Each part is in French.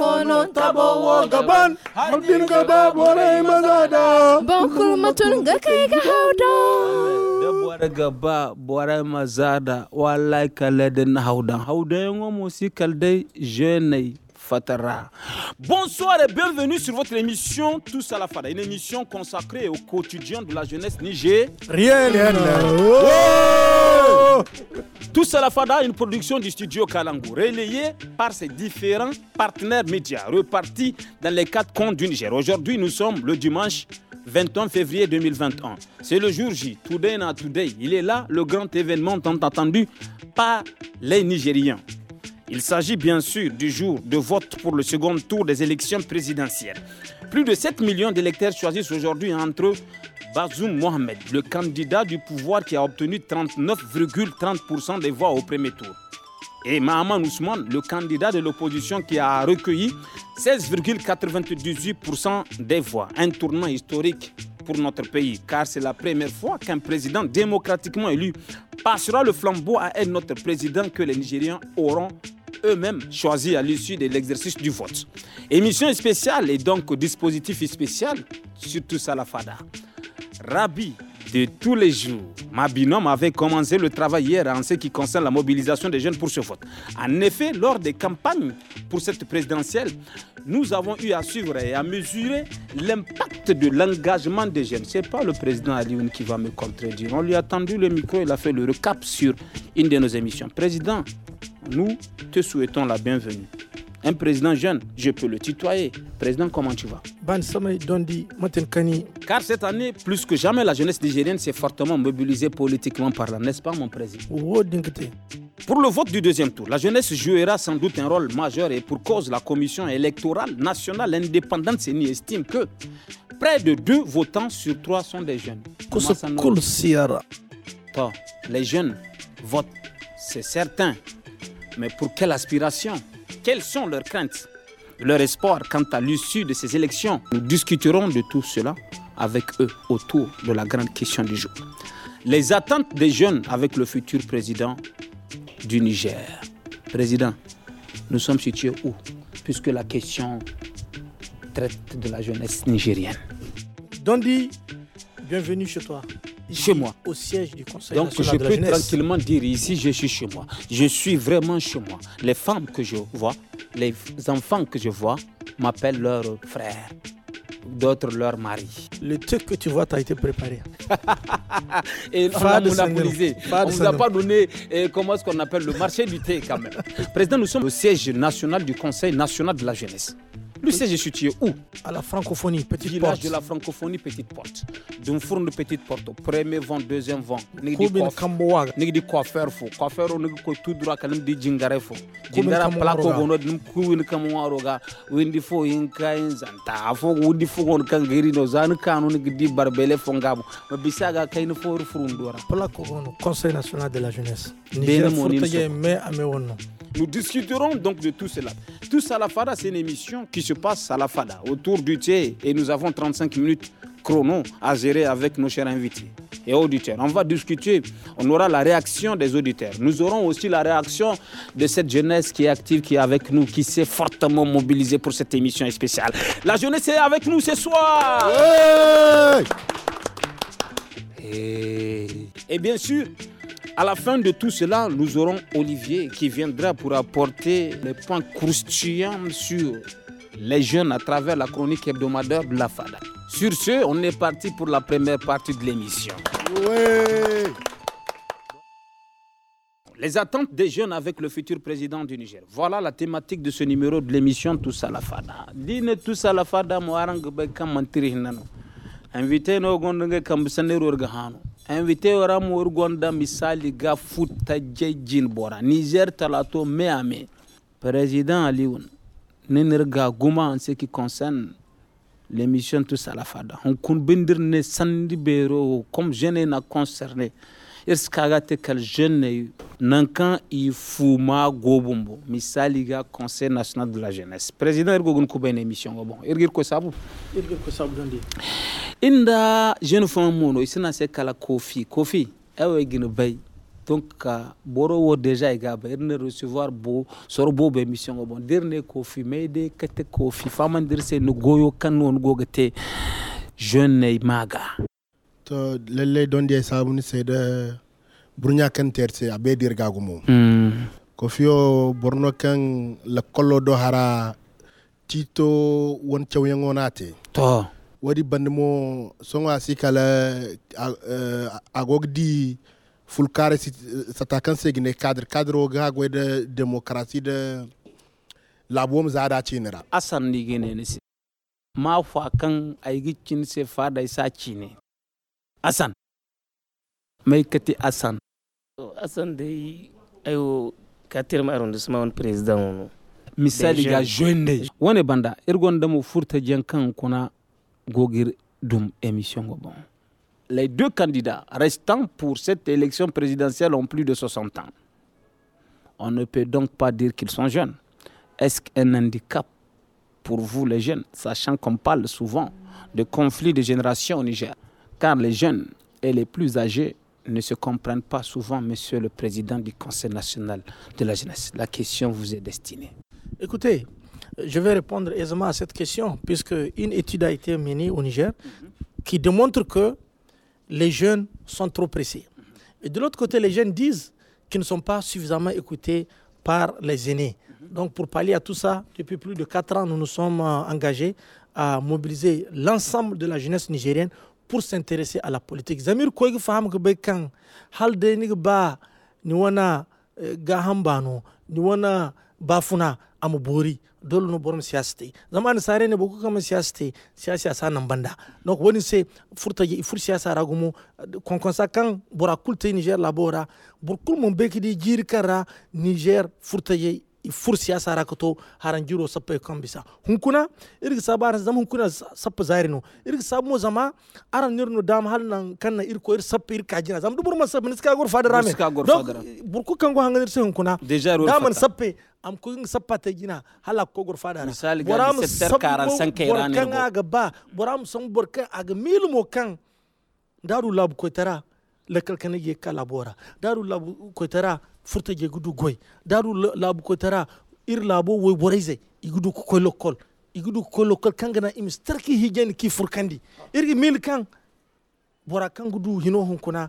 fono tabo wo gaban hamdin gaba bore maza da ban kulmatun ga kai ga hauda dabuwar gaba bore maza da wallahi kale da na haudan haudan yan wa musikal dai jenai Bonsoir et bienvenue sur votre émission Tous à la Fada, une émission consacrée au quotidien de la jeunesse nigérienne. rien. Oh Tous à la Fada, une production du studio Kalangu, relayée par ses différents partenaires médias repartis dans les quatre coins du Niger. Aujourd'hui, nous sommes le dimanche 21 février 2021. C'est le jour J, Today Not Today. Il est là, le grand événement tant attendu par les Nigériens. Il s'agit bien sûr du jour de vote pour le second tour des élections présidentielles. Plus de 7 millions d'électeurs choisissent aujourd'hui entre Bazoum Mohamed, le candidat du pouvoir qui a obtenu 39,30% des voix au premier tour, et Mahaman Ousmane, le candidat de l'opposition qui a recueilli 16,98% des voix. Un tournant historique pour notre pays, car c'est la première fois qu'un président démocratiquement élu passera le flambeau à être notre président que les Nigériens auront eux-mêmes choisis à l'issue de l'exercice du vote. Émission spéciale et donc dispositif spécial sur tout ça la fada. Rabbi de tous les jours. Ma binôme avait commencé le travail hier en ce qui concerne la mobilisation des jeunes pour ce vote. En effet, lors des campagnes pour cette présidentielle, nous avons eu à suivre et à mesurer l'impact de l'engagement des jeunes. Ce n'est pas le président Alioune qui va me contredire. On lui a tendu le micro, il a fait le recap sur une de nos émissions. Président, nous te souhaitons la bienvenue. Un président jeune, je peux le tutoyer. Président, comment tu vas Car cette année, plus que jamais, la jeunesse nigérienne s'est fortement mobilisée politiquement par là, n'est-ce pas, mon président Pour le vote du deuxième tour, la jeunesse jouera sans doute un rôle majeur et pour cause, la Commission électorale nationale indépendante s'estime estime que près de deux votants sur trois sont des jeunes. Les jeunes votent, c'est certain. Mais pour quelle aspiration quelles sont leurs craintes, leur espoir quant à l'issue de ces élections Nous discuterons de tout cela avec eux autour de la grande question du jour. Les attentes des jeunes avec le futur président du Niger. Président, nous sommes situés où Puisque la question traite de la jeunesse nigérienne. Dondi, bienvenue chez toi chez moi. Au siège du Conseil Donc je peux tranquillement dire ici, je suis chez moi. Je suis vraiment chez moi. Les femmes que je vois, les enfants que je vois m'appellent leurs frères d'autres leurs maris Le truc que tu vois, t'as été préparé. et on a On ne nous a pas donné eh, comment ce qu'on appelle le marché du thé quand même. Président, nous sommes au siège national du Conseil national de la jeunesse. Le siège situé où À la francophonie, petite Village porte. de la francophonie, petite porte. D'un fourne de petite porte. Premier vent, deuxième vent. Combien Kambouaga Nigdi coiffeur fou. faire on ko tout droit quand même dit jingare fou. Jingara placo bono, num kuwin kamuaroga. Windi fo yinka inzanta. Afo windi fo on kangiri no zan kanu nigdi barbele fongabo. Ma bisaga kain fo frundora. Placo bono, Conseil national de la jeunesse. Bien Fourtaye, Nous discuterons donc de tout cela. Tout ça, la fada, c'est une émission qui se passe à la FADA, autour du thé, et nous avons 35 minutes chrono à gérer avec nos chers invités et auditeurs. On va discuter, on aura la réaction des auditeurs. Nous aurons aussi la réaction de cette jeunesse qui est active, qui est avec nous, qui s'est fortement mobilisée pour cette émission spéciale. La jeunesse est avec nous ce soir. et... bien sûr, à la fin de tout cela, nous aurons Olivier qui viendra pour apporter les points croustillants sur les jeunes à travers la chronique hebdomadaire de la FADA. Sur ce, on est parti pour la première partie de l'émission. Les attentes des jeunes avec le futur président du Niger. Voilà la thématique de ce numéro de l'émission Tous à la Fada. Dine Tous à la Fada, Invité no gondonge kambusane invitez Invité ora gonda misali ga futa bora. Niger talato me ame. Président Alioune avons un en ce qui concerne l'émission tout à la Fada. On kunbindir ne sandi bero comme jeune n'a concerné. fuma Misali ga Conseil national de la jeunesse. Président ergo gun une émission bon. ergir ko sabu. Nous ko sabu dandi. Inda jeune femme mono isina kala kofi kofi ewe eh bay. donc ka boro wo deja iga ba irne recevoir bo soro bo be mission go oh, bon dirne ko fi de kete ko fi famandir se no goyo kan non go te jeune maga to lalle don de sabun se de burnya kan terse abe dirga gumo hmm. ko o oh, borno kan la kollo do hara tito won cewyangonate to wadi bandmo songa sikala euh, agogdi ag, ag, fulcare si takan se gine cadre cadre o ga gwe de democratie de labuwam za da cinira asan ni gine ne ma fa kan ay gicin se fa da sa cine asan mai kati asan asan dai ayo katir ma arundu suma wani president wono misali ga joinde wani banda irgon da furta jankan kuna gogir dum emission go bon les deux candidats restants pour cette élection présidentielle ont plus de 60 ans. On ne peut donc pas dire qu'ils sont jeunes. Est-ce un handicap pour vous les jeunes, sachant qu'on parle souvent de conflits de génération au Niger, car les jeunes et les plus âgés ne se comprennent pas souvent, Monsieur le Président du Conseil national de la jeunesse. La question vous est destinée. Écoutez, je vais répondre aisément à cette question, puisque une étude a été menée au Niger mhm. qui démontre que les jeunes sont trop pressés. Et de l'autre côté, les jeunes disent qu'ils ne sont pas suffisamment écoutés par les aînés. Donc pour pallier à tout ça, depuis plus de 4 ans, nous nous sommes euh, engagés à mobiliser l'ensemble de la jeunesse nigérienne pour s'intéresser à la politique. Zamir faham euh, gahambano bafuna amu bori dole no borom siyasa te zama sare ne boku kam siyasa te siyasa sa nan banda ko woni se furta ji fur siyasa ragumo kon kon sa kan bora kulte niger labora bor kul mon beki di jir kara niger furta ji fur siyasa ra kato haran jiro sappa kan bisa hunkuna irga sa baran zama hunkuna sappa zairi no irga sa mo zama aran nirno dam hal nan kan na irko ir sappa ir jina zam du burma sappa niska gor fadara me donc burku kan go hangal se hunkuna daman sappa am ko ing sappa te jina hala ko gor fadara misali ga 745 kairane kan aga ba boram som borka aga mo kan daru lab ko tara lakal kan ye kala bora daru lab ko tara furta je gudu goy daru labu ko tara ir labo woy borayze igudu ko koy lokol igudu ko koy lokol kangana im starki hijen ki furkandi irgi mil kan bora kan gudu hino hunkuna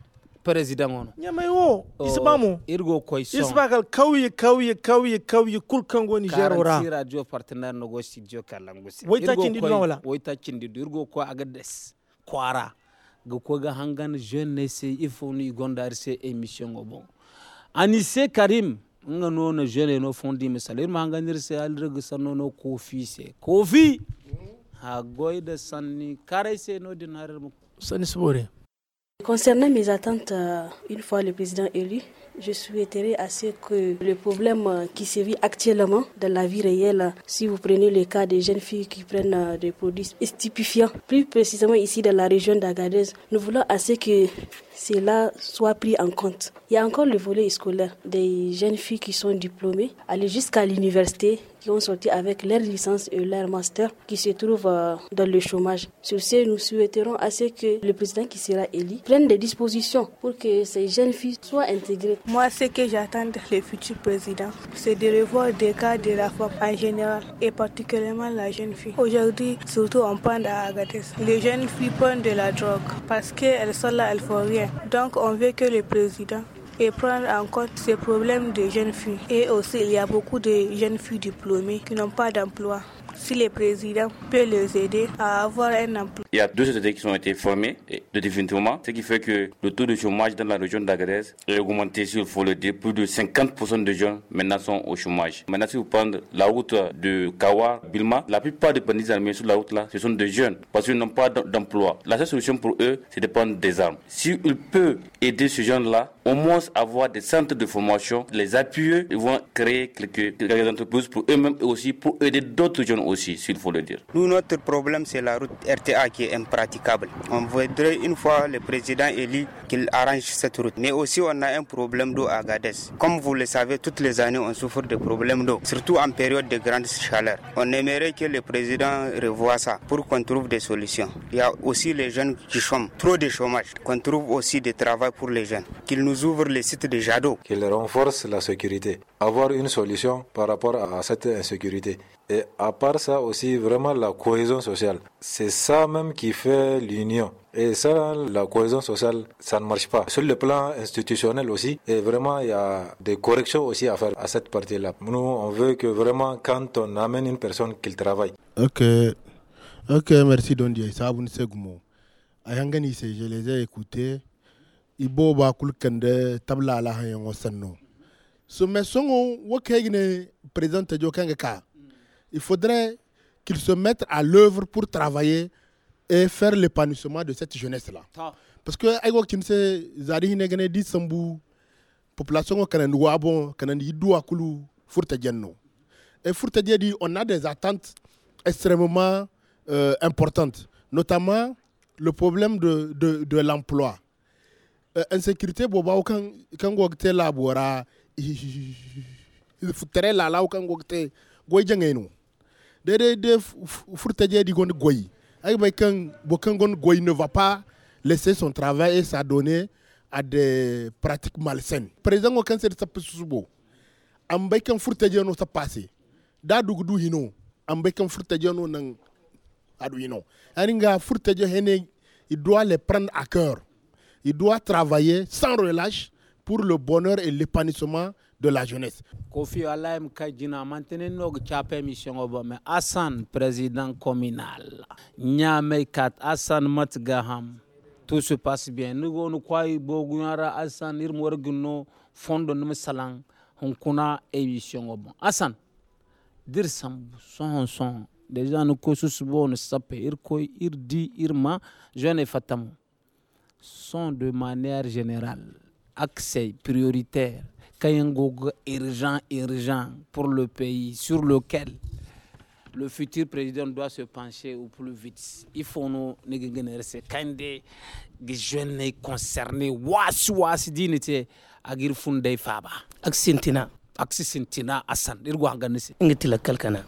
président ono ñamay wo oh, isbamu irgo koy son isbagal kawye kawye kawye kawye kul kango ni jerora radio partenaire no go studio kalangusi woyta cindi do wala woyta cindi do irgo ko aga des kwara go ko ga hangan jeunesse ni gondar se émission go bon anise karim nga no na jeune no fondi misal irma hanganir se reg sanno no kofi se fi mm. ha goyda sanni kare se no dinar mo sanni sbore Concernant mes attentes, euh, une fois le président élu, je souhaiterais à ce que le problème euh, qui se vit actuellement dans la vie réelle, si vous prenez le cas des jeunes filles qui prennent euh, des produits stupéfiants, plus précisément ici dans la région d'Agadez, nous voulons à ce que cela soit pris en compte. Il y a encore le volet scolaire des jeunes filles qui sont diplômées, aller jusqu'à l'université, qui ont sorti avec leur licence et leur master qui se trouvent euh, dans le chômage. Sur ce, nous souhaiterons à ce que le président qui sera élu prenne des dispositions pour que ces jeunes filles soient intégrées. Moi, ce que j'attends des futurs président, c'est de revoir des cas de la femme en général et particulièrement la jeune fille. Aujourd'hui, surtout on parle à Agathe, les jeunes filles prennent de la drogue parce qu'elles sont là, elles font rien. Donc on veut que le président et prendre en compte ces problèmes de jeunes filles. Et aussi, il y a beaucoup de jeunes filles diplômées qui n'ont pas d'emploi si les présidents peut les aider à avoir un emploi. Il y a deux sociétés qui ont été formées de définitivement, ce qui fait que le taux de chômage dans la région de Grèce est augmenté, s'il faut le dire. Plus de 50% de jeunes maintenant sont au chômage. Maintenant, si vous prenez la route de Kawa, Bilma, la plupart des bandits armés sur la route là, ce sont des jeunes parce qu'ils n'ont pas d'emploi. La seule solution pour eux, c'est de prendre des armes. Si on peut aider ces jeunes là, au moins avoir des centres de formation, les appuyer, ils vont créer quelques, entreprises pour eux-mêmes et aussi pour aider d'autres jeunes aussi, s'il faut le dire. Nous, notre problème, c'est la route RTA qui est impraticable. On voudrait une fois le président élu qu'il arrange cette route. Mais aussi, on a un problème d'eau à Gades. Comme vous le savez, toutes les années, on souffre de problèmes d'eau, surtout en période de grande chaleur. On aimerait que le président revoie ça pour qu'on trouve des solutions. Il y a aussi les jeunes qui chôment, trop de chômage, qu'on trouve aussi des travail pour les jeunes, qu'ils nous nous ouvre les sites de Jadot. Qu'il renforce la sécurité, avoir une solution par rapport à cette insécurité. Et à part ça aussi, vraiment la cohésion sociale. C'est ça même qui fait l'union. Et ça, la cohésion sociale, ça ne marche pas. Sur le plan institutionnel aussi, et vraiment, il y a des corrections aussi à faire à cette partie-là. Nous, on veut que vraiment, quand on amène une personne, qu'il travaille. Ok. Ok, merci Dieu Ça, vous ne savez pas. Je les ai écoutés iboba kulkende tabla la han sanno so mais songo wo kegne jo ka il faudrait qu'ils se mettent à l'œuvre pour travailler et faire l'épanouissement de cette jeunesse là parce que ay wok tin se zari hine gane di sambu population ko kanan wa bon kanan yidu akulu furta jenno et furta dit on a des attentes extrêmement euh, importantes notamment le problème de, de, de l'emploi eh, insécurité bobaw kan kan gogte labora futere lalaw kan gogte go e jangenu de de de furte je di gon goy ay e bay e kan bo goy ne va pas laisser son travail et s'adonner à des pratiques malsaines président ko kan se sa no passé da du no nan adu il doit les prendre à cœur il doit travailler sans relâche pour le bonheur et l'épanouissement de la jeunesse. Kofi Alaim Kajina, maintenant que mission Hassan, président communal, Nyamekat, Hassan Matgaham, tout se passe bien. Nous nous croyons Boguara Hassan, Irmorguno, Fondo Nmsalang, Honkuna, émission Hassan, dire son son, déjà nous causus il dit, il Irdi, Irma, jeune et sont de manière générale accès prioritaire, Kayangogo urgent, urgent pour le pays sur lequel le futur président doit se pencher au plus vite. Il faut nous remercier. Quand des jeunes concernés, wasu wasu agir funde faba. Aksintina. Aksintina asan. il y a un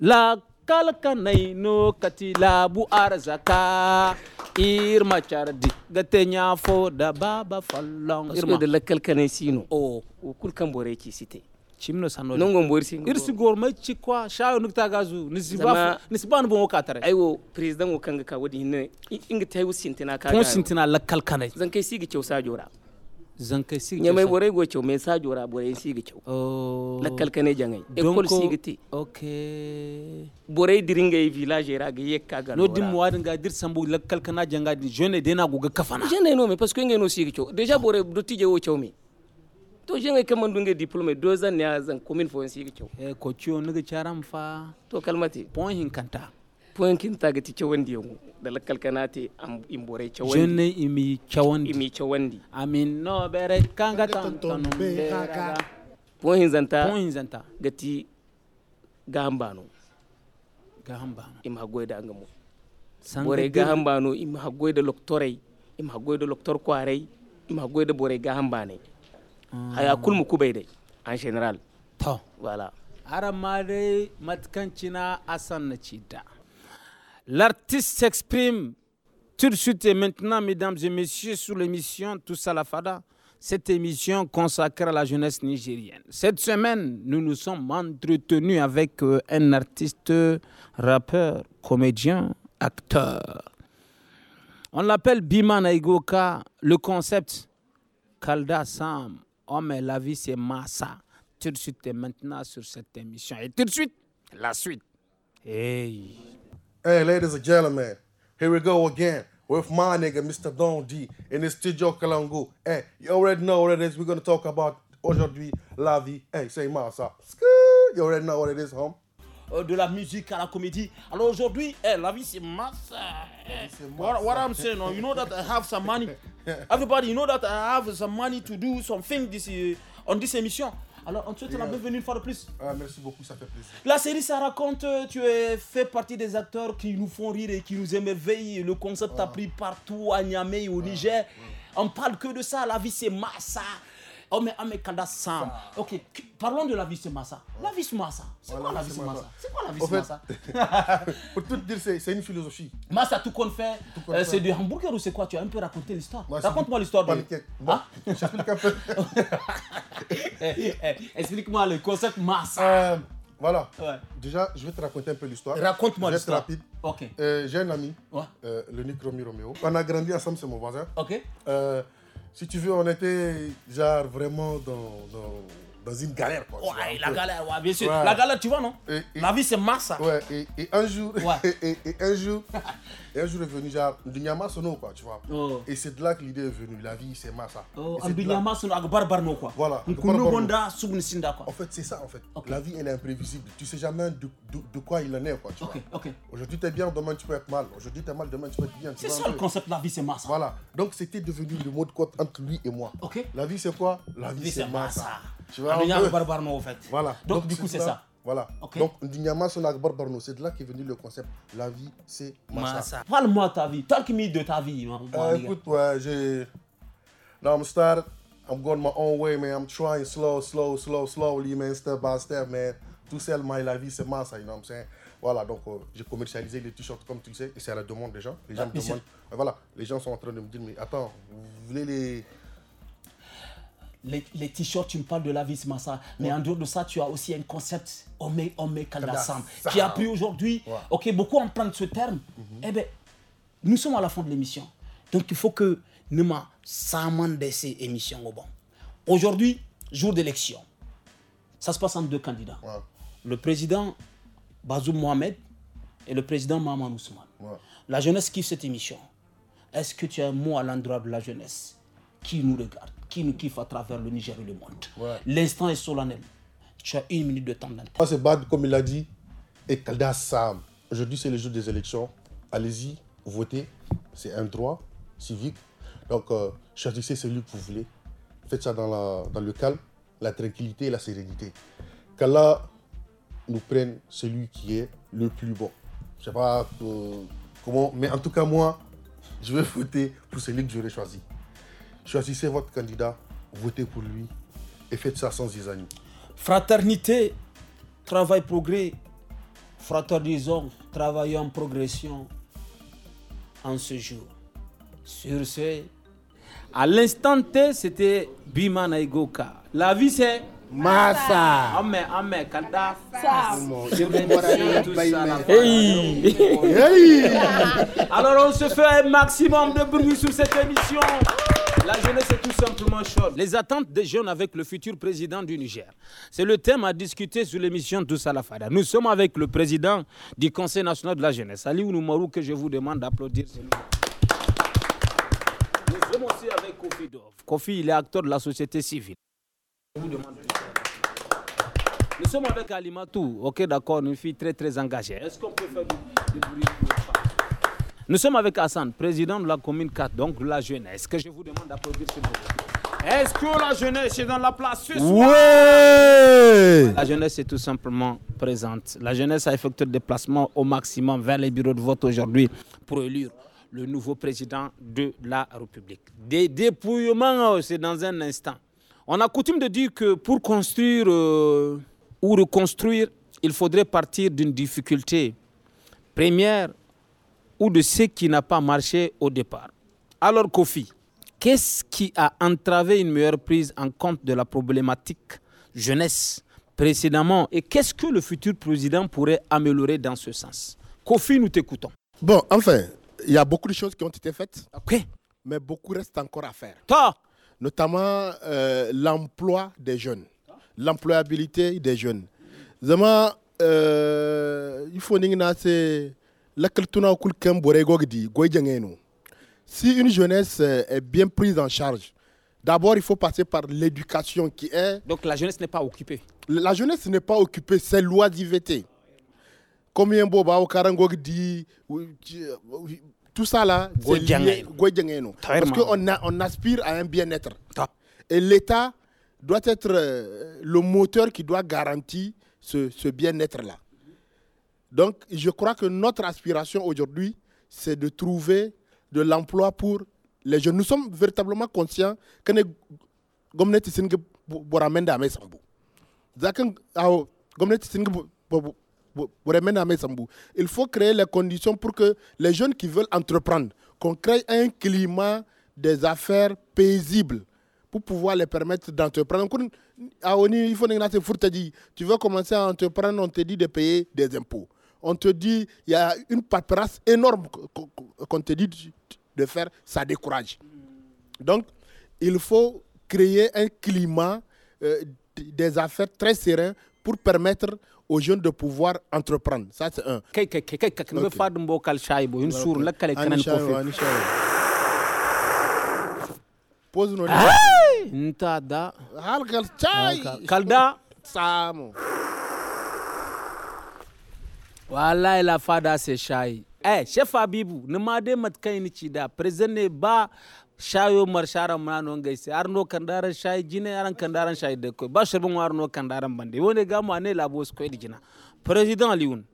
La kalkanai no katila bu arzaka irma chardi gate fo da baba fallon irma da lakalkanai sino o kan bore ki site chimno sanno non gon borsi irsi gor mai sha yo nukta gazu nisiba nisiba no o katare wo president wo kanga ka wadi ne inga tayo sintina ka kon sintina lakalkanai zan kai sigi chausa jora zanka si nyamai bore go chau me sa bore si gi oh la kalkane jangai ekol si gi ti okay bore diringa e village e ra gi yek kaga no dim wadin ga dir sambu la kalkana janga di jeune de na go ga kafana jene no me parce que ngai no si gi chau deja bore do ti je wo chau me to jeune ke mandu nge diplôme 2 ans ne a commune fo si gi e ko chio ne ga charam fa to kalmati point hin kanta point kinta ga tike wanda yango da lakkal kanate am imbore che wandi jenne imi che wandi imi che wandi amin no bere kanga tan tan be kaka point zanta point zanta gati gambano gambano im hagoy da ngamo bore gambano im hagoy da loktore im hagoy da loktor kwarei im hagoy da bore gambane ah. haya kulmu kubai dai en general to voilà aran ma dai matkancina asan na ci da L'artiste s'exprime tout de suite et maintenant, mesdames et messieurs, sur l'émission Tous à Fada, cette émission consacrée à la jeunesse nigérienne. Cette semaine, nous nous sommes entretenus avec euh, un artiste, rappeur, comédien, acteur. On l'appelle Biman Aigoka. Le concept, Kalda Sam, homme et la vie, c'est Massa. Tout de suite et maintenant sur cette émission. Et tout de suite, la suite. Hey. Hey, ladies and gentlemen, here we go again with my nigga, Mr. Don D, in the studio Kalangu. Hey, you already know what it is. We're going to talk about aujourd'hui la vie. Hey, c'est massa. You already know what it is, home. Euh, de la musique à la comédie. Alors aujourd'hui, hey, la vie c'est massa. what, what I'm saying, you know that I have some money. Everybody, you know that I have some money to do something this, uh, on this émission. Alors, on te souhaite la bienvenue une fois de plus. merci beaucoup, ça fait plaisir. La série, ça raconte, euh, tu es fait partie des acteurs qui nous font rire et qui nous émerveillent. Le concept t'as a ah. pris partout, à Niamey, au Niger. On parle que de ça, la vie c'est massa mais amekanda sam ok parlons de la vie massa la vie massa c'est quoi la vie massa c'est quoi la vie massa pour tout dire c'est une philosophie massa tout qu'on euh, fait c'est du hamburger ou c'est quoi tu as un peu raconté l'histoire raconte-moi l'histoire Bon, ah? j'explique un peu eh, eh, eh, explique-moi le concept massa euh, voilà. Déjà, je vais te raconter un peu l'histoire. Raconte-moi l'histoire. rapide. Ok. Euh, J'ai un ami, euh, le Nick Romy Romeo. On a grandi ensemble, c'est mon voisin. Ok. Euh, si tu veux, on était genre vraiment dans, dans dans une galère. Quoi, ouais, la galère, ouais, bien sûr. La galère, tu vois, non La vie, c'est massa. Ouais, et, et, un jour, et, un jour, et un jour est venu, genre, Ndinyama Sono, quoi, tu vois. Oh. Et c'est de là que l'idée est venue, la vie, c'est massa. Oh, Ndinyama Sono, agbarbarno quoi. Voilà. Nkunobonda, Subnisinda, quoi. En fait, c'est ça, en fait. La vie, elle est imprévisible. Tu sais jamais de, de, quoi il en est, quoi, tu okay, vois. ok. Aujourd'hui, t'es bien, demain, tu peux être mal. Aujourd'hui, t'es mal, demain, tu peux être bien. C'est ça le concept, la vie, c'est massa. Voilà. Donc, c'était devenu le mot de code entre lui et moi. La vie, c'est quoi La vie, c'est massa. Tu vois, ah, peu... Barbarno, en fait. Voilà. Donc, du coup, c'est ça. Voilà. Okay. Donc, Ndinyama Sonak Barbarno, c'est de là qu'est venu le concept La vie, c'est Massa. Parle-moi de ta vie. Talk me de ta vie. Man. Euh, écoute, ouais, j'ai. Now I'm started. I'm going my own way, man. I'm trying slow, slow, slow, slowly, man. Step by step, man. Tout seul, my la vie, c'est Massa, you know what I'm saying? Voilà, donc euh, j'ai commercialisé les t-shirts comme tu le sais, et c'est à la demande des gens. Les gens ah, me demandent, voilà, les gens sont en train de me dire, mais attends, vous voulez les, les, t-shirts, tu me parles de la vie, Massa. Mais en dehors de ça, tu as aussi un concept, omé, omé, qui a pris aujourd'hui. Ok, beaucoup empruntent ce terme. Mhm. Eh ben, nous sommes à la fin de l'émission. Donc, il faut que Nima ces émissions au bon. Aujourd'hui, jour d'élection. Ça se passe entre deux candidats. Le président Bazoum Mohamed et le président Maman Ousmane. La jeunesse kiffe cette émission. Est-ce que tu as un mot à l'endroit de la jeunesse qui nous regarde, qui nous kiffe à travers le Niger et le monde. L'instant est solennel. Tu as une minute de temps d'antenne. temps. C'est bad comme il a dit, et Sam. Aujourd'hui, c'est le jour des élections. Allez-y, votez. C'est un droit civique. Donc, euh, choisissez celui que vous voulez. Faites ça dans, le calme, la tranquillité et la sérénité. Qu'Allah nous prenne celui qui est le plus bon. Je ne sais pas euh, comment, mais en tout cas, moi, je vais voter pour celui que j'aurais choisi. Choisissez votre candidat, votez pour lui et faites ça sans zizanie. Fraternité, travail, progrès, fraternisons, travaillons, progression en ce jour. Sur ce, à l'instant T, c'était Bima Naigoka. La vie, c'est Massa. Amen, amen. Kanda. Alors, on se fait un maximum de bruit sur cette émission. La jeunesse est tout simplement chaude. Les attentes des jeunes avec le futur président du Niger. C'est le thème à discuter sur l'émission de Nous sommes avec le président du Conseil national de la jeunesse, Ali Oumarou, que je vous demande d'applaudir. Nous sommes aussi avec Kofi Dov. Kofi, il est acteur de la société civile. nous sommes avec Matou, ok d'accord, une fille très très engagée. Est-ce qu'on peut faire nous sommes avec Hassan, président de la commune 4, donc la jeunesse, que je vous demande d'applaudir ce Est-ce que la jeunesse est dans la place ce La jeunesse est tout simplement présente. La jeunesse a effectué des déplacement au maximum vers les bureaux de vote aujourd'hui pour élire le nouveau président de la République. Des dépouillements, oh, c'est dans un instant. On a coutume de dire que pour construire euh, ou reconstruire, il faudrait partir d'une difficulté première ou de ce qui n'a pas marché au départ. Alors Kofi, qu'est-ce qui a entravé une meilleure prise en compte de la problématique jeunesse précédemment et qu'est-ce que le futur président pourrait améliorer dans ce sens Kofi, nous t'écoutons. Bon, enfin, il y a beaucoup de choses qui ont été faites. Mais beaucoup reste encore à faire. Toi. Notamment euh, l'emploi des jeunes, l'employabilité des jeunes. Euh, il faut si une jeunesse eh, est bien prise en charge, d'abord il faut passer par l'éducation qui est. Donc la jeunesse n'est pas occupée. La jeunesse n'est pas occupée, c'est l'oisiveté. Combien boba au dit, tout ça là, c'est parce qu'on on aspire à un bien-être. Et l'État doit être euh, le moteur qui doit garantir ce bien-être là. Donc, je crois que notre aspiration aujourd'hui, c'est de trouver de l'emploi pour les jeunes. Nous sommes véritablement conscients que il faut créer les conditions pour que les jeunes qui veulent entreprendre qu'on crée un climat des affaires paisibles pour pouvoir les permettre d'entreprendre il faut que tu veux commencer à entreprendre on te dit de payer des impôts on te dit, il y a une paperasse énorme qu'on te dit de faire, ça décourage. Donc, il faut créer un climat euh, des affaires très serein pour permettre aux jeunes de pouvoir entreprendre. Ça, c'est un. Pose ah! Ntada. Kalda. Samo wallahi la fada sai shayi eh chef Abibou, ni ma dai matkai ni ci da president ba chayo mar sharan mana arno kandara shayi jine aran kandara shayi de ko bashir shirbin arno kandaran bande woné ga ané la bos ko digina président Alioune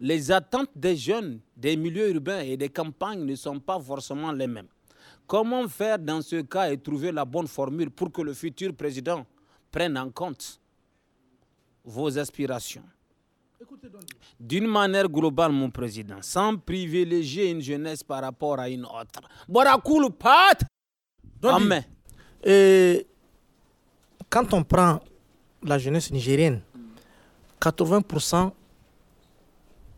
les attentes des jeunes des milieux urbains et des campagnes ne sont pas forcément les mêmes Comment faire dans ce cas et trouver la bonne formule pour que le futur président prenne en compte vos aspirations d'une manière globale, mon président, sans privilégier une jeunesse par rapport à une autre. cool Pat Amen. quand on prend la jeunesse nigérienne, 80%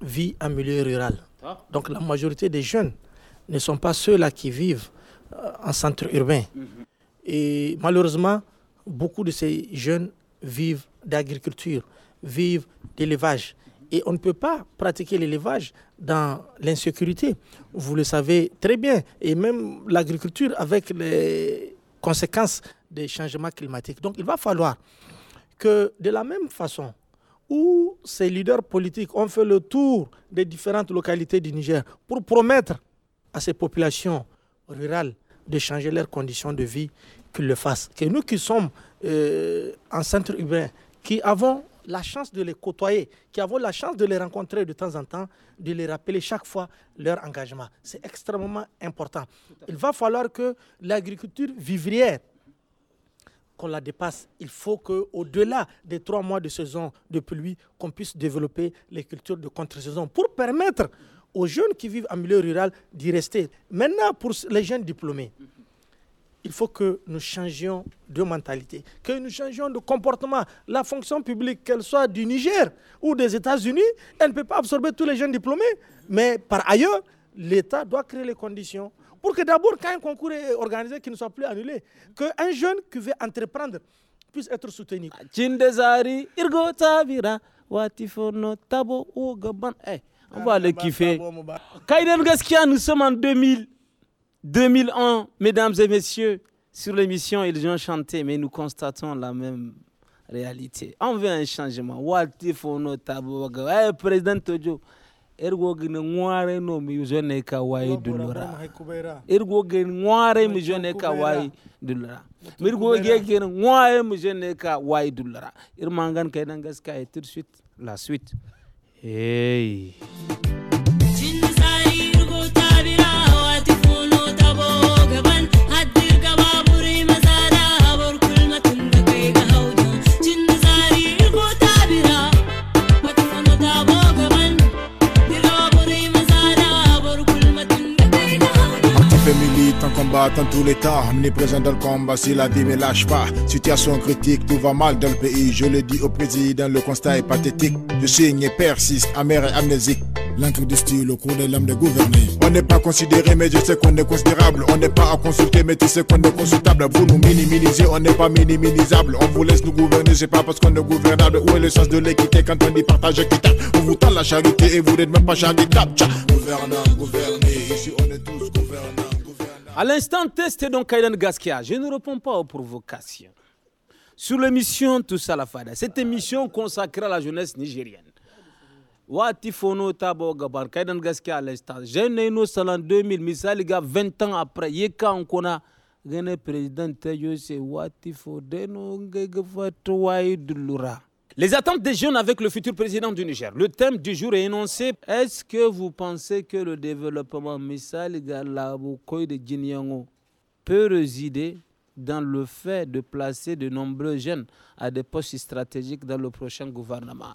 vit en milieu rural. Ah. Donc la majorité des jeunes ne sont pas ceux-là qui vivent euh, en centre urbain. Mhm. Et malheureusement, beaucoup de ces jeunes vivent d'agriculture, vivent l'élevage. Et on ne peut pas pratiquer l'élevage dans l'insécurité. Vous le savez très bien. Et même l'agriculture avec les conséquences des changements climatiques. Donc il va falloir que de la même façon où ces leaders politiques ont fait le tour des différentes localités du Niger pour promettre à ces populations rurales de changer leurs conditions de vie, qu'ils le fassent. Que nous qui sommes euh, en centre urbain, qui avons la chance de les côtoyer, qui avons la chance de les rencontrer de temps en temps, de les rappeler chaque fois leur engagement. C'est extrêmement important. Il va falloir que l'agriculture vivrière qu'on la dépasse. Il faut qu'au-delà des trois mois de saison de pluie, qu'on puisse développer les cultures de contre-saison pour permettre aux jeunes qui vivent en milieu rural d'y rester. Maintenant, pour les jeunes diplômés, il faut que nous changions de mentalité, que nous changions de comportement. La fonction publique, qu'elle soit du Niger ou des États-Unis, elle ne peut pas absorber tous les jeunes diplômés. Mais par ailleurs, l'État doit créer les conditions pour que d'abord, quand un concours est organisé, qu'il ne soit plus annulé, qu'un jeune qui veut entreprendre puisse être soutenu. Ah, eh, on ah, va le kiffer. nous sommes en 2000. 2001, mesdames et messieurs, sur l'émission, ils ont chanté, mais nous constatons la même réalité. On veut un changement. Wati a taboga. Eh, président Tojo. Erwogi ne ngware no mi yuzone kawai dulura. Erwogi ngware mi yuzone kawai dulura. Mirwogi gen ngware mi yuzone kawai dulura. Irmangan kaidan et tout de suite la suite. Hey. combattant tous les temps, omniprésent dans le combat, si la vie me lâche pas. Situation critique, tout va mal dans le pays, je le dis au président, le constat est pathétique. Le signe persiste, amer et amnésique. L'encre du style au cours de l'âme de gouverner. On n'est pas considéré, mais je sais qu'on est considérable. On n'est pas à consulter, mais tu sais qu'on est consultable. Vous nous minimisez, on n'est pas minimisable. On vous laisse nous gouverner, c'est pas parce qu'on est gouvernable. Où est le sens de l'équité quand on dit partage équitable On vous tend la charité et vous n'êtes même pas charitable. Gouvernant, gouverner, ici on est tous gouvernants. À l'instant testez donc Kaidan Gaskia, je ne réponds pas aux provocations. Sur l'émission Tout ça cette émission consacrée à la jeunesse nigérienne. Wati tabo gabar Kaidan Gaskia à l'instant. J'ai né en 2000 mais misali ga 20 ans après yeka a a président yo se wati fo les attentes des jeunes avec le futur président du Niger. Le thème du jour est énoncé. Est-ce que vous pensez que le développement Missal la de Jinyango peut résider dans le fait de placer de nombreux jeunes à des postes stratégiques dans le prochain gouvernement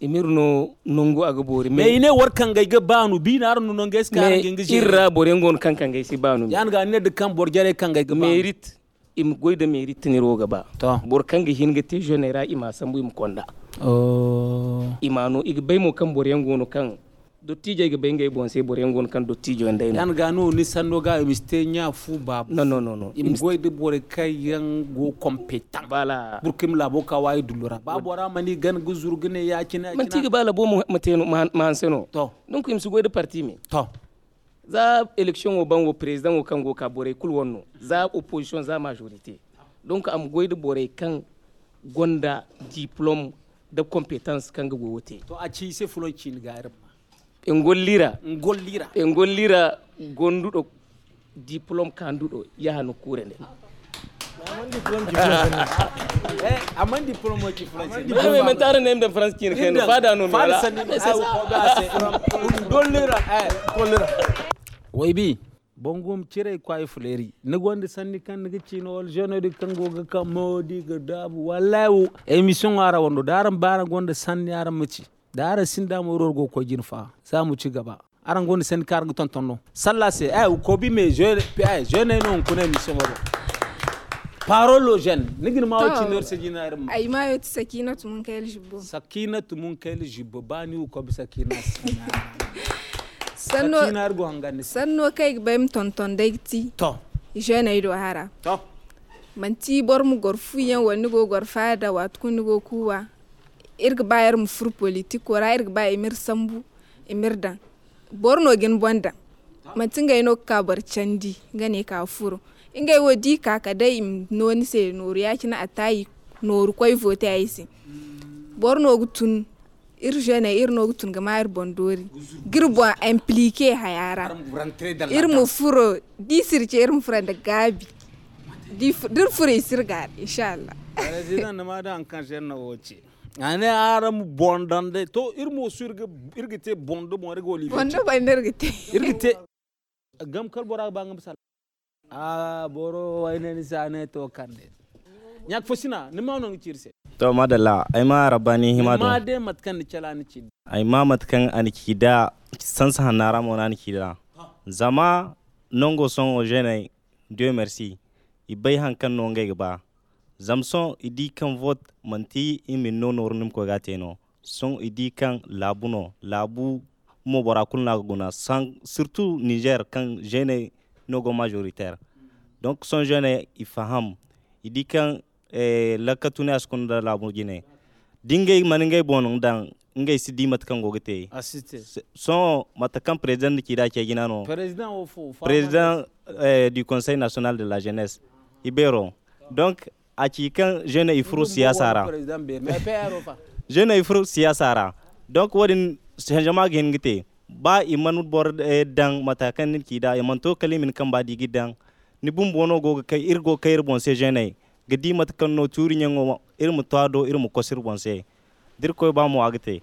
imir no nungu aga bori me ine war gai ga banu bi na arnu nonga eska ga ngi ji irra bori ngon kan gai si banu yan ga ne de kan bor jare gai ga merit im goy de merit ni ga ba to bor gi hin ga te genera ima sambu im konda o oh. imano ig bay mo kan bor yango no kan dottijo ga bengay e bon sey e bore e ngon kan dottijo en dayno an no ni sando ga mi stenya fu bab non non non non im goy de bore kay go compétent bala burkim la bo ka way dulura ba mani gan go zur ya kina man bala bo mo teno man seno to donc im su de parti mi to za élection o bango président o kango ka kabore, kul wonno za opposition za majorité donc am goy de bore kan gonda diplôme de compétence kan go wote to a ci se e gollira gollira e gollira gonduɗo diplôme kanduɗo yaha nokkure eh, nde amman diplôme oji français min tara nemde france kine keno fada noon wala ɗum eh, dollira gollira eh, way bi bongum cire kwaye fuleri ne gwanda sanni kan na gici na wal jono di kan goga kan modi ga dabu wallahi emission ara wando daram bara gwanda sanni ara mace da ara sin da mo rorgo ko jinfa sa mu ci gaba aran goni sen kar ngi ton tonno salla se ay ko bi me je ay je ne non ko ne mi so somo parole aux jeune nigin ma wati nor se jina ram ay ma yot sakina mun kayel jibbo sakina mun kayel jibbo bani ko bi sakina sanno sakina argo hangani sanno kay bayim ton ton ti to je ne do hara to man ti bor mu gor fu yen wani go gor faada wat kunugo kuwa irga bayar mu fur politik ra irga ba imir sambu imir dan borno gin bonda matinga ino ka bar candi gane ka fur inga iwo wodi ka ka dai im noni se noru ya kina atayi noru koi vote aisi borno gutun ir jene ir no gutun ga mayar bondori girbo implique hayara ir mu fur di sirce ir mu fur da gabi dir fur sirgar inshallah president na ma da an kan ane aram bondande to irmo surge irgite bondo mo rego li bondo ba nergite irgite gam kal bora ba ngam sal a boro wayne ni sane to kande nyak fosina ni ma non cirse to madalla ay ma rabani hima do ma de matkan cala ni ci ay ma matkan an kida san sa hanara mo nan kida zama nongo son o jene dieu merci ibay hankan no ngai ba zamson i di kan vot i min no ko son i di kan labu labu mo guna surtout niger kan jene nogo majoritaire donc son jeune i faham i di kan eh, labu si kan son matakan président ki da no président eh, du conseil national de la jeunesse ibero donc a cikin jena ifuru siyasara ra jena ifuru siyasara ra donc wadin changement gen gite ba iman bor eh, dan matakan ki da iman to kalimin kan ba digi dan ni bum bono go kai irgo kai irbon se jena gidi matakan no turi nyango irmu tado irmu kosir bon se dir ko ba mu agite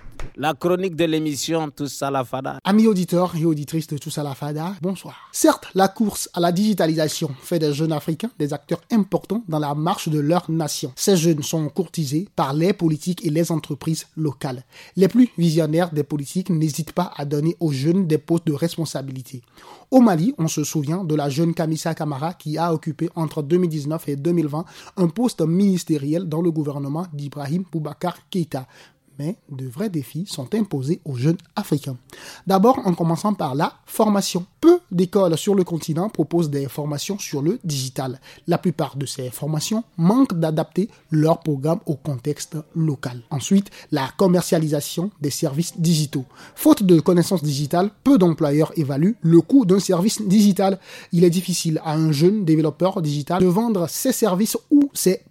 la chronique de l'émission Tous à la Fada. Amis auditeurs et auditrices de Tous à la Fada, bonsoir. Certes, la course à la digitalisation fait des jeunes Africains des acteurs importants dans la marche de leur nation. Ces jeunes sont courtisés par les politiques et les entreprises locales. Les plus visionnaires des politiques n'hésitent pas à donner aux jeunes des postes de responsabilité. Au Mali, on se souvient de la jeune Kamissa Kamara qui a occupé entre 2019 et 2020 un poste ministériel dans le gouvernement d'Ibrahim Boubacar Keïta mais de vrais défis sont imposés aux jeunes africains. D'abord en commençant par la formation. Peu d'écoles sur le continent proposent des formations sur le digital. La plupart de ces formations manquent d'adapter leur programme au contexte local. Ensuite, la commercialisation des services digitaux. Faute de connaissances digitales, peu d'employeurs évaluent le coût d'un service digital. Il est difficile à un jeune développeur digital de vendre ses services ou ses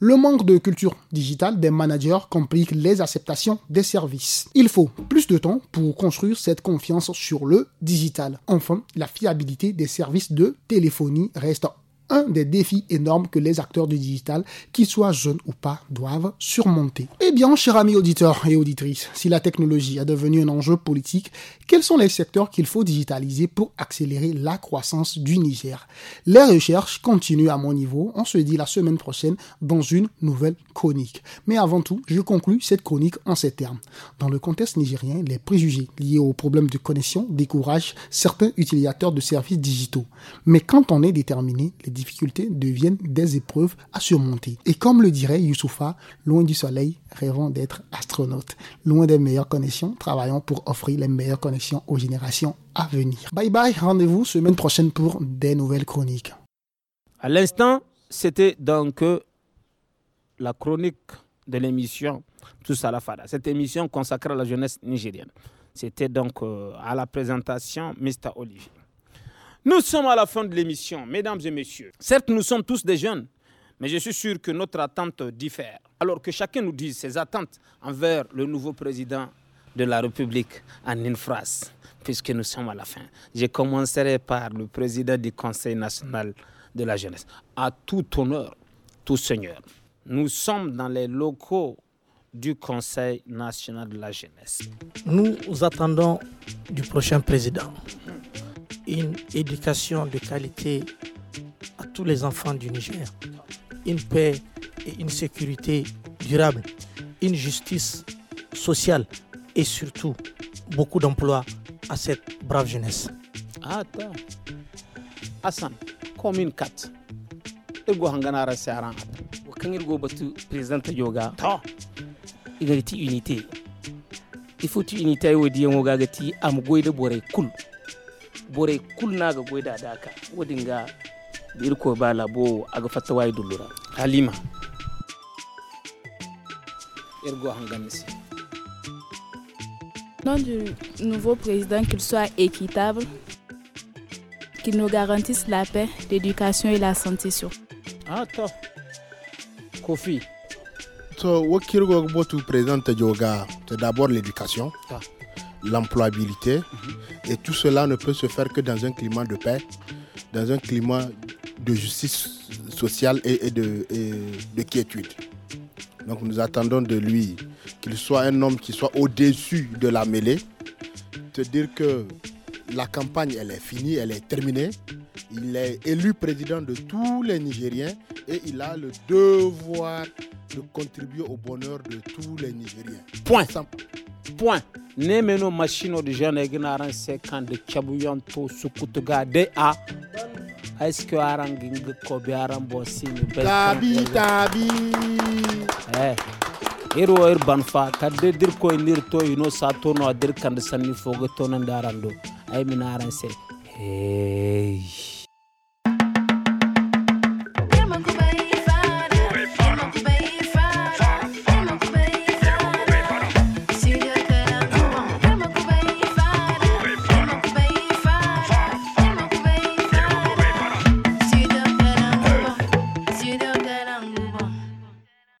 le manque de culture digitale des managers complique les acceptations des services. Il faut plus de temps pour construire cette confiance sur le digital. Enfin, la fiabilité des services de téléphonie reste un des défis énormes que les acteurs du digital, qu'ils soient jeunes ou pas, doivent surmonter. Eh bien, chers amis auditeurs et auditrices, si la technologie a devenu un enjeu politique, quels sont les secteurs qu'il faut digitaliser pour accélérer la croissance du Niger Les recherches continuent à mon niveau. On se dit la semaine prochaine dans une nouvelle chronique. Mais avant tout, je conclue cette chronique en ces termes. Dans le contexte nigérien, les préjugés liés aux problèmes de connexion découragent certains utilisateurs de services digitaux. Mais quand on est déterminé, les difficultés deviennent des épreuves à surmonter. Et comme le dirait Youssoufa, loin du soleil, rêvons d'être astronautes. Loin des meilleures connexions, travaillons pour offrir les meilleures connexions aux générations à venir. Bye bye, rendez-vous semaine prochaine pour des nouvelles chroniques. À l'instant, c'était donc euh, la chronique de l'émission Tous à la Fada. Cette émission consacrée à la jeunesse nigérienne. C'était donc euh, à la présentation Mr. Olivier. Nous sommes à la fin de l'émission, mesdames et messieurs. Certes, nous sommes tous des jeunes, mais je suis sûr que notre attente diffère. Alors que chacun nous dise ses attentes envers le nouveau président de la République en une phrase, puisque nous sommes à la fin. Je commencerai par le président du Conseil national de la jeunesse. À tout honneur, tout seigneur, nous sommes dans les locaux du Conseil national de la jeunesse. Nous attendons du prochain président une éducation de qualité à tous les enfants du Niger, une paix et une sécurité durable, une justice sociale et surtout beaucoup d'emplois à cette brave jeunesse. Attends. Hassan, commune 4. Irgo hanganara saran. Wakan irgo batu président yoga. Ta. Igariti unité. Il faut unité wo diyen wo ti am goyde bore kul. Cool bore kulna ga goida da ka wadinga irko ba labo aga fatta wayi dullura halima ergo hangamisi nom du nouveau président qu'il soit équitable, qu'il nous garantisse la paix, l'éducation et la santé sur. Ah, to Kofi. So, wakirgo botu président Joga, c'est d'abord l'éducation. ah l'employabilité. Et tout cela ne peut se faire que dans un climat de paix, dans un climat de justice sociale et, de, de, quiétude. Donc nous attendons de lui qu'il soit un homme qui soit au-dessus de la mêlée, te dire que la campagne elle est finie, elle est terminée. Il est élu président de tous les Nigériens et il a le devoir de contribuer au bonheur de tous les Nigériens. Point. point ne meno machine de jeune gnaran 50 chabuyon to sukutuga de a est-ce que aran ginga ko bi aran bo simi be tabi tabi eh iro ir banfa kadde dir ko nir to ino sa to no dir kan sanni fogo to nan darando ay minaran se hey